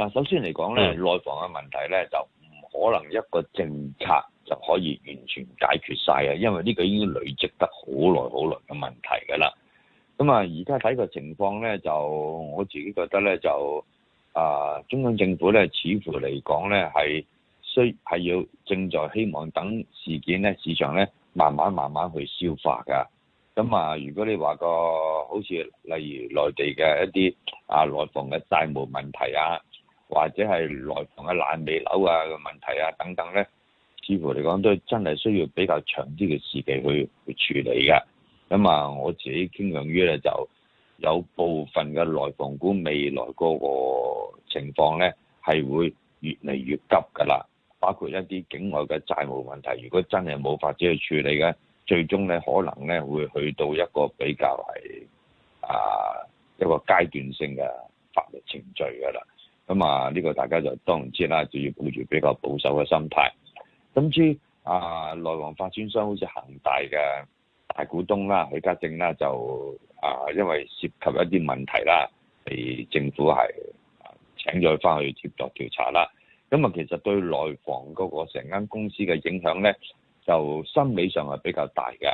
嗱，首先嚟講咧，嗯、內房嘅問題咧就唔可能一個政策就可以完全解決晒啊，因為呢個已經累積得好耐好耐嘅問題㗎啦。咁啊，而家睇個情況咧，就我自己覺得咧，就啊中央政府咧，似乎嚟講咧係需係要正在希望等事件咧，市場咧慢慢慢慢去消化㗎。咁、嗯、啊，如果你話個好似例如內地嘅一啲啊內房嘅債務問題啊，或者係內房嘅爛尾樓啊問題啊等等呢，似乎嚟講都真係需要比較長啲嘅時期去去處理嘅。咁啊，我自己傾向於咧，就有部分嘅內房股未來嗰個情況呢係會越嚟越急噶啦。包括一啲境外嘅債務問題，如果真係冇法子去處理嘅，最終呢可能呢會去到一個比較係啊一個階段性嘅法律程序噶啦。咁啊，呢個大家就當然知啦，就要抱住比較保守嘅心態。咁至於啊，內房發展商好似恒大嘅大股東啦，許家印啦，就啊，因為涉及一啲問題啦，被政府係、啊、請咗佢翻去協助調查啦。咁、嗯、啊，其實對內房嗰個成間公司嘅影響咧，就心理上係比較大嘅，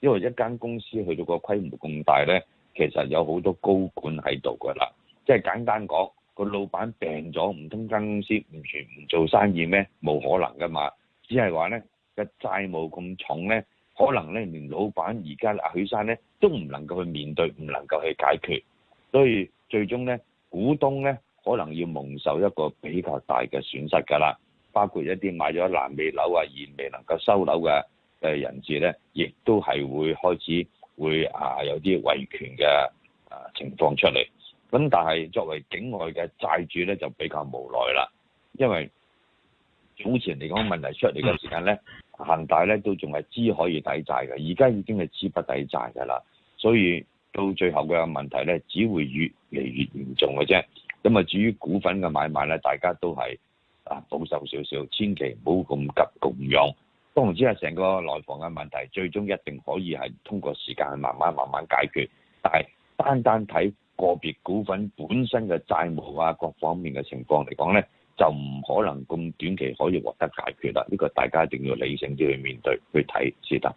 因為一間公司去到個規模咁大咧，其實有好多高管喺度噶啦，即係簡單講。個老闆病咗，唔通間公司完全唔做生意咩？冇可能噶嘛，只係話咧個債務咁重咧，可能咧連老闆而家阿許生咧都唔能夠去面對，唔能夠去解決，所以最終咧股東咧可能要蒙受一個比較大嘅損失噶啦，包括一啲買咗爛尾樓啊而未能夠收樓嘅誒人士咧，亦都係會開始會啊有啲維權嘅誒情況出嚟。咁但係作為境外嘅債主咧，就比較無奈啦，因為早前嚟講問題出嚟嘅時間咧，恒大咧都仲係資可以抵債嘅，而家已經係資不抵債噶啦，所以到最後嘅問題咧，只會越嚟越嚴重嘅啫。咁啊，至於股份嘅買賣咧，大家都係啊保守少少，千祈唔好咁急共用。當然之係成個內房嘅問題，最終一定可以係通過時間去慢慢慢慢解決，但係單單睇。個別股份本身嘅債務啊，各方面嘅情況嚟講呢，就唔可能咁短期可以獲得解決啦。呢個大家一定要理性啲去面對，去睇先得。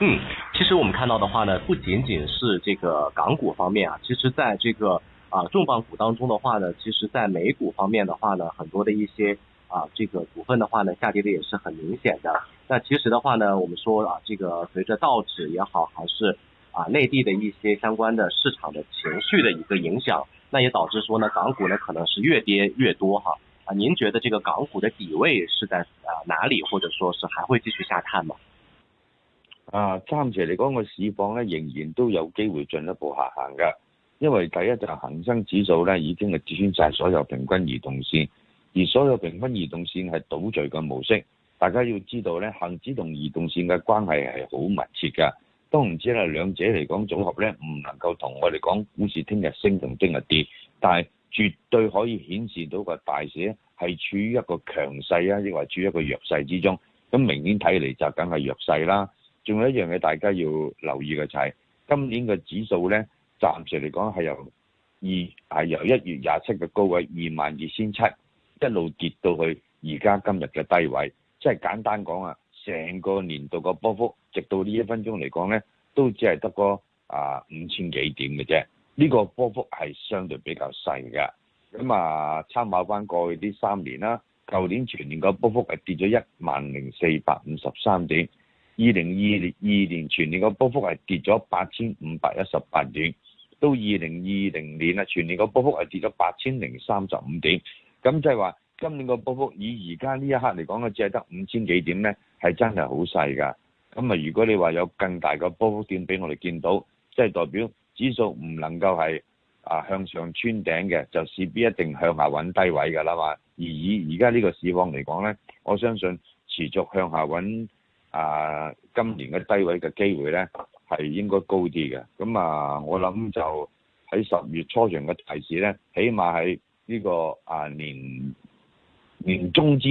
嗯，其實我們看到的話呢，不僅僅是這個港股方面啊，其實在這個啊重磅股當中的話呢，其實在美股方面的話呢，很多的一些啊這個股份的話呢，下跌的也是很明顯的。那其實的話呢，我們說啊，這個隨着道指也好，還是啊，內地的一些相關的市場的情緒的一個影響，那也導致說呢，港股呢可能是越跌越多哈。啊，您覺得這個港股的底位是在啊哪裏？或者說是還會繼續下探嗎？啊，暫時嚟講個市況呢，仍然都有機會進一步下行㗎。因為第一就係恆生指數呢，已經係支穿曬所有平均移動線，而所有平均移動線係倒序嘅模式。大家要知道呢，恒指同移動線嘅關係係好密切㗎。當然知啦，兩者嚟講，組合咧唔能夠同我哋講股市聽日升同聽日跌，但係絕對可以顯示到個大市係處於一個強勢啊，抑或處於一個弱勢之中。咁明顯睇嚟就梗係弱勢啦。仲有一樣嘢大家要留意嘅就係今年嘅指數咧，暫時嚟講係由二係由一月廿七嘅高位二萬二千七一路跌到去而家今日嘅低位，即係簡單講啊。整個年度嘅波幅，直到呢一分鐘嚟講呢都只係得個啊五千幾點嘅啫。呢、這個波幅係相對比較細嘅。咁、嗯、啊，參考翻過去呢三年啦，舊年全年個波幅係跌咗一萬零四百五十三點，二零二二年全年個波幅係跌咗八千五百一十八點，到二零二零年啊，全年個波幅係跌咗八千零三十五點。咁即係話，今年個波幅以而家呢一刻嚟講嘅，只係得五千幾點呢。係真係好細㗎，咁啊！如果你話有更大嘅波幅段俾我哋見到，即係代表指數唔能夠係啊向上穿頂嘅，就事必一定向下揾低位㗎啦嘛。而以而家呢個市況嚟講呢，我相信持續向下揾啊今年嘅低位嘅機會呢，係應該高啲嘅。咁啊，我諗就喺十月初旬嘅提示呢，起碼喺呢個啊年年中之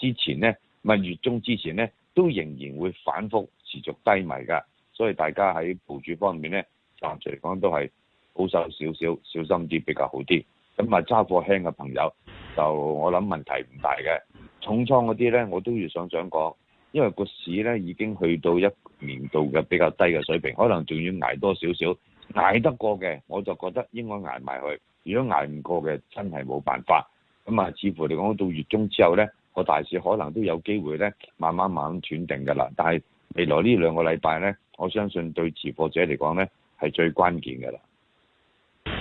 之前呢。咪月中之前咧，都仍然會反覆持續低迷㗎，所以大家喺部署方面咧，暫時嚟講都係保守少少，小心啲比較好啲。咁啊，揸貨輕嘅朋友就我諗問題唔大嘅，重倉嗰啲咧，我都要想想講，因為個市咧已經去到一年度嘅比較低嘅水平，可能仲要挨多少少，挨得過嘅我就覺得應該挨埋去，如果挨唔過嘅真係冇辦法。咁啊，似乎嚟講到月中之後咧，個大市可能都有機會咧，慢慢慢咁轉定噶啦。但係未來呢兩個禮拜呢，我相信對持貨者嚟講呢，係最關鍵噶啦。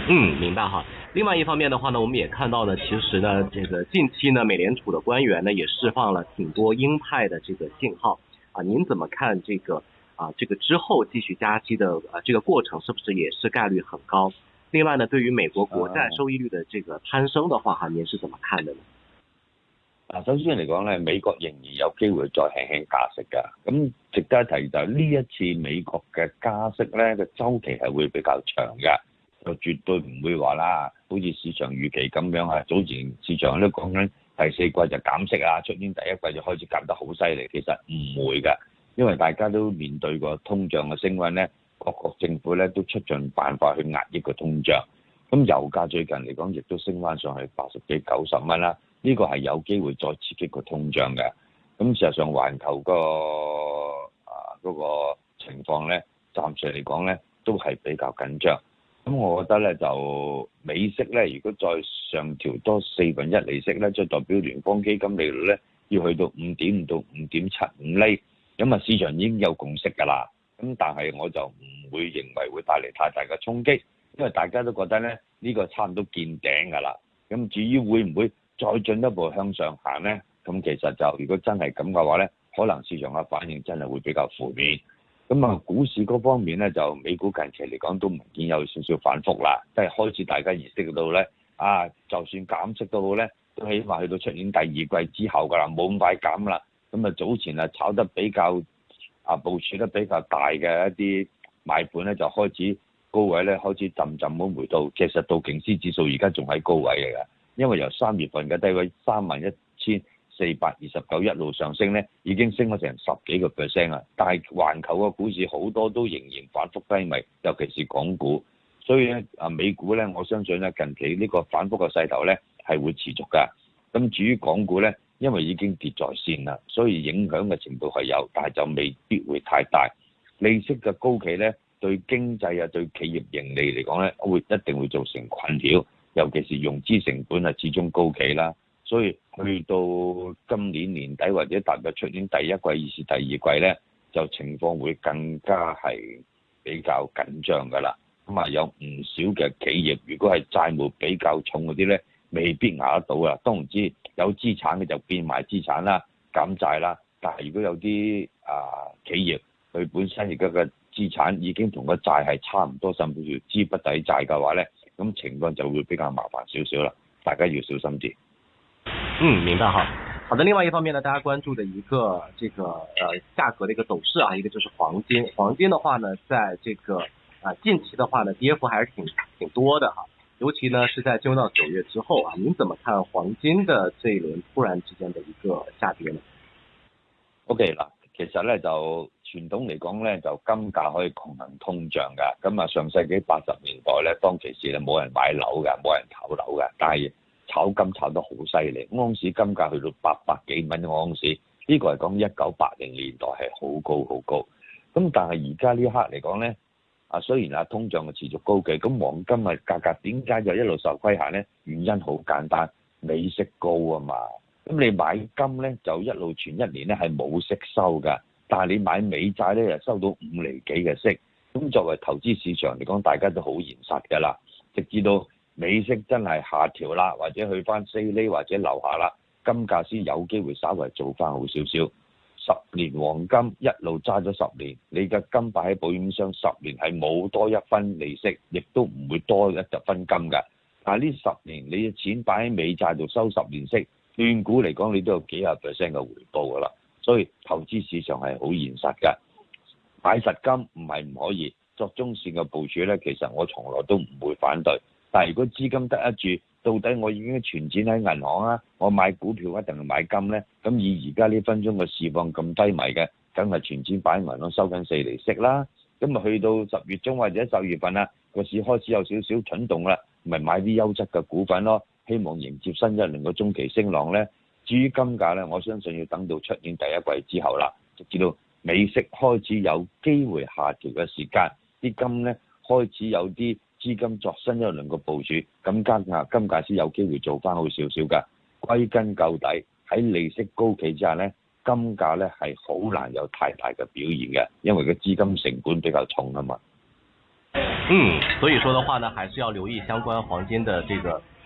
嗯，明白哈。另外一方面的話呢，我們也看到呢，其實呢，這個近期呢，美聯儲的官員呢也釋放了挺多鷹派的這個信號。啊，您怎麼看這個啊？這個之後繼續加息的啊，這個過程是不是也是概率很高？另外呢，對於美國國債收益率的這個攀升的話，哈、啊，您是怎麼看的呢？嗱，首先嚟講咧，美國仍然有機會再輕輕加息㗎。咁值得一提就係呢一次美國嘅加息咧，個周期係會比較長嘅，就絕對唔會話啦，好似市場預期咁樣啊。早前市場都講緊第四季就減息啊，出年第一季就開始減得好犀利，其實唔會㗎，因為大家都面對個通脹嘅升溫咧，各國政府咧都出盡辦法去壓抑個通脹。咁油價最近嚟講，亦都升翻上去八十幾、九十蚊啦。呢個係有機會再刺激個通脹嘅，咁事實上環、那個，環球個啊嗰、那個情況呢，暫時嚟講呢都係比較緊張。咁我覺得呢，就美息呢，如果再上調多四分一利息呢，即係代表聯邦基金利率呢要去到五點五到五點七五厘。咁啊，市場已經有共識㗎啦。咁但係我就唔會認為會帶嚟太大嘅衝擊，因為大家都覺得呢，呢、這個差唔多見頂㗎啦。咁至於會唔會？再進一步向上行咧，咁其實就如果真係咁嘅話咧，可能市場嘅反應真係會比較負面。咁啊，股市嗰方面咧，就美股近期嚟講都唔見有少少反覆啦，即係開始大家意識到咧，啊，就算減息都好咧，都起碼去到出年第二季之後噶啦，冇咁快減啦。咁啊，早前啊炒得比較啊部署得比較大嘅一啲買盤咧，就開始高位咧開始浸浸咁回到，其實道瓊斯指數而家仲喺高位嚟噶。因為由三月份嘅低位三萬一千四百二十九一路上升咧，已經升咗成十幾個 percent 啦。但係環球嘅股市好多都仍然反覆低迷，尤其是港股。所以咧，啊美股咧，我相信咧近期呢個反覆嘅勢頭咧係會持續㗎。咁至於港股咧，因為已經跌在線啦，所以影響嘅程度係有，但係就未必會太大。利息嘅高企咧，對經濟啊、對企業盈利嚟講咧，會一定會造成困擾。尤其是融資成本係始終高企啦，所以去到今年年底或者大概出年第一季、二是第二季呢，就情況會更加係比較緊張㗎啦。咁啊，有唔少嘅企業，如果係債務比較重嗰啲呢，未必拿得到啊。都唔知有資產嘅就變埋資產啦、減債啦。但係如果有啲啊、呃、企業，佢本身而家嘅資產已經同個債係差唔多，甚至乎資不抵債嘅話呢。咁情況就會比較麻煩少少啦，大家要小心啲。嗯，明白哈。好的，另外一方面呢，大家關注的一個這個呃價格的一個走勢啊，一個就是黃金。黃金的話呢，在這個啊、呃、近期的話呢，跌幅還是挺挺多的哈、啊。尤其呢，是在進入到九月之後啊，您怎麼看黃金的這一輪突然之間的一個下跌呢？O K 了。Okay, 其實咧就傳統嚟講咧就金價可以抗衡通脹㗎，咁、嗯、啊上世紀八十年代咧當其時啊冇人買樓㗎，冇人炒樓㗎，但係炒金炒得好犀利，盎司金價去到八百幾蚊盎司，呢、這個係講一九八零年代係好高好高，咁、嗯、但係而家呢一刻嚟講咧啊雖然啊通脹係持續高嘅，咁、嗯、黃金嘅價格點解就一路受規限咧？原因好簡單，美息高啊嘛。咁你買金咧就一路存一年咧係冇息收嘅，但係你買美債咧又收到五厘幾嘅息。咁作為投資市場嚟講，大家都好現實㗎啦。直至到美息真係下調啦，或者去翻四厘或者留下啦，金價先有機會稍微做翻好少少。十年黃金一路揸咗十年，你嘅金擺喺保險箱十年係冇多一分利息，亦都唔會多一分金㗎。但係呢十年你嘅錢擺喺美債度收十年息。斷股嚟講，你都有幾十 percent 嘅回報噶啦，所以投資市場係好現實嘅。買實金唔係唔可以，作中線嘅部署咧，其實我從來都唔會反對。但係如果資金得得住，到底我已經存錢喺銀行啊，我買股票一定係買金咧？咁以而家呢分鐘嘅市況咁低迷嘅，梗係存錢擺銀行收緊四厘息啦。咁啊，去到十月中或者十月份啊，個市開始有少少蠢動啦，咪買啲優質嘅股份咯。希望迎接新一輪嘅中期升浪呢。至於金價呢，我相信要等到出年第一季之後啦，直至到美息開始有機會下調嘅時間，啲金呢，開始有啲資金作新一輪嘅部署。咁間下金價先有機會做翻好少少㗎。歸根究底喺利息高企之下呢，金價呢係好難有太大嘅表現嘅，因為個資金成本比較重啊嘛。嗯，所以說的話呢，還是要留意相關黃金嘅這個。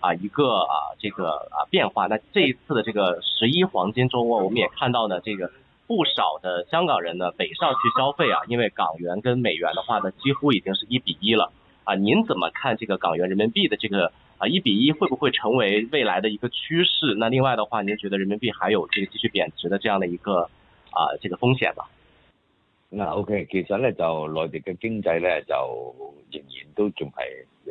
啊，一個啊，這個啊變化，那這一次的這個十一黃金周，我們也看到呢，這個不少的香港人呢北上去消費啊，因為港元跟美元的話呢，幾乎已經是一比一了。啊，您怎麼看這個港元人民幣的這個啊一比一會不會成為未來的一個趨勢？那另外的話，您覺得人民幣還有這個繼續貶值的這樣的一個啊這個風險嗎？那、啊、OK，其實呢，就內地的經濟呢，就仍然都仲係。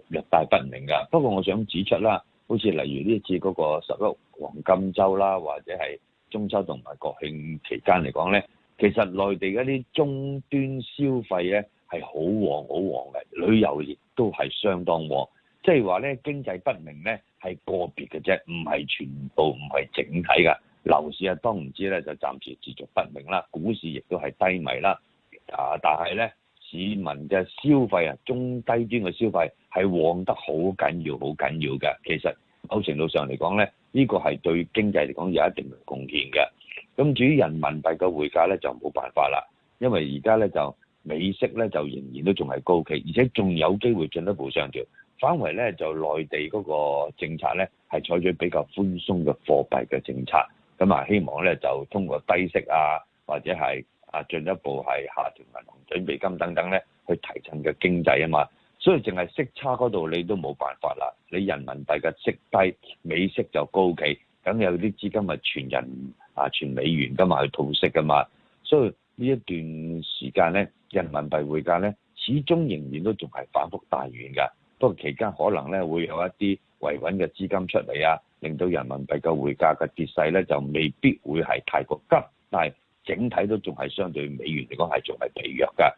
略帶不明㗎，不過我想指出啦，好似例如呢一次嗰個十一黃金週啦，或者係中秋同埋國慶期間嚟講咧，其實內地一啲終端消費咧係好旺好旺嘅，旅遊亦都係相當旺，即係話咧經濟不明咧係個別嘅啫，唔係全部唔係整體㗎。樓市啊，當然知啦，就暫時持續不明啦，股市亦都係低迷啦，啊，但係咧。市民嘅消費啊，中低端嘅消費係旺得好緊要，好緊要嘅。其實某程度上嚟講咧，呢個係對經濟嚟講有一定嘅貢獻嘅。咁至於人民幣嘅匯價咧，就冇辦法啦，因為而家咧就美息咧就仍然都仲係高企，而且仲有機會進一步上調。反為咧就內地嗰個政策咧係採取比較寬鬆嘅貨幣嘅政策，咁啊希望咧就通過低息啊或者係。啊，進一步係下調銀行準備金等等咧，去提振嘅經濟啊嘛，所以淨係息差嗰度你都冇辦法啦。你人民幣嘅息低，美息就高企，咁有啲資金咪存人啊存美元，咁嘛，去套息噶嘛。所以呢一段時間咧，人民幣匯價咧，始終仍然都仲係反覆大元㗎。不過期間可能咧會有一啲維穩嘅資金出嚟啊，令到人民幣嘅匯價嘅跌勢咧就未必會係太過急，但係。整體都仲係相對美元嚟講係仲係疲弱㗎，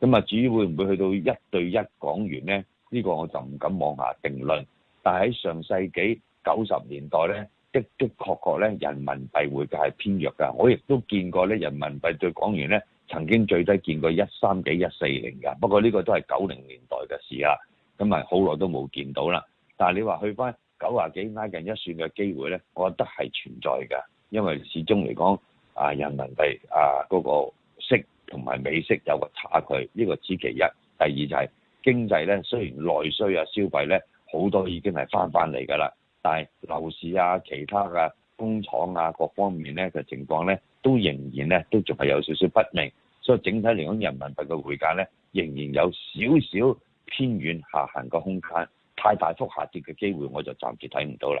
咁啊至於會唔會去到一對一港元呢？呢、呢個我就唔敢妄下定論。但喺上世紀九十年代呢，的的確確咧人民幣匯價係偏弱㗎。我亦都見過咧人民幣對港元咧曾經最低見過一三幾一四零㗎。不過呢個都係九零年代嘅事啦，咁啊好耐都冇見到啦。但係你話去翻九廿幾拉近一算嘅機會呢，我覺得係存在㗎，因為始終嚟講。啊，人民幣啊，嗰個息同埋美息有個差距，呢、這個知其一。第二就係、是、經濟咧，雖然內需啊、消費咧，好多已經係翻返嚟㗎啦，但係樓市啊、其他嘅工廠啊各方面咧嘅情況咧，都仍然咧都仲係有少少不明，所以整體嚟講，人民幣嘅匯價咧，仍然有少少偏遠下行嘅空間，太大幅下跌嘅機會我就暫時睇唔到啦。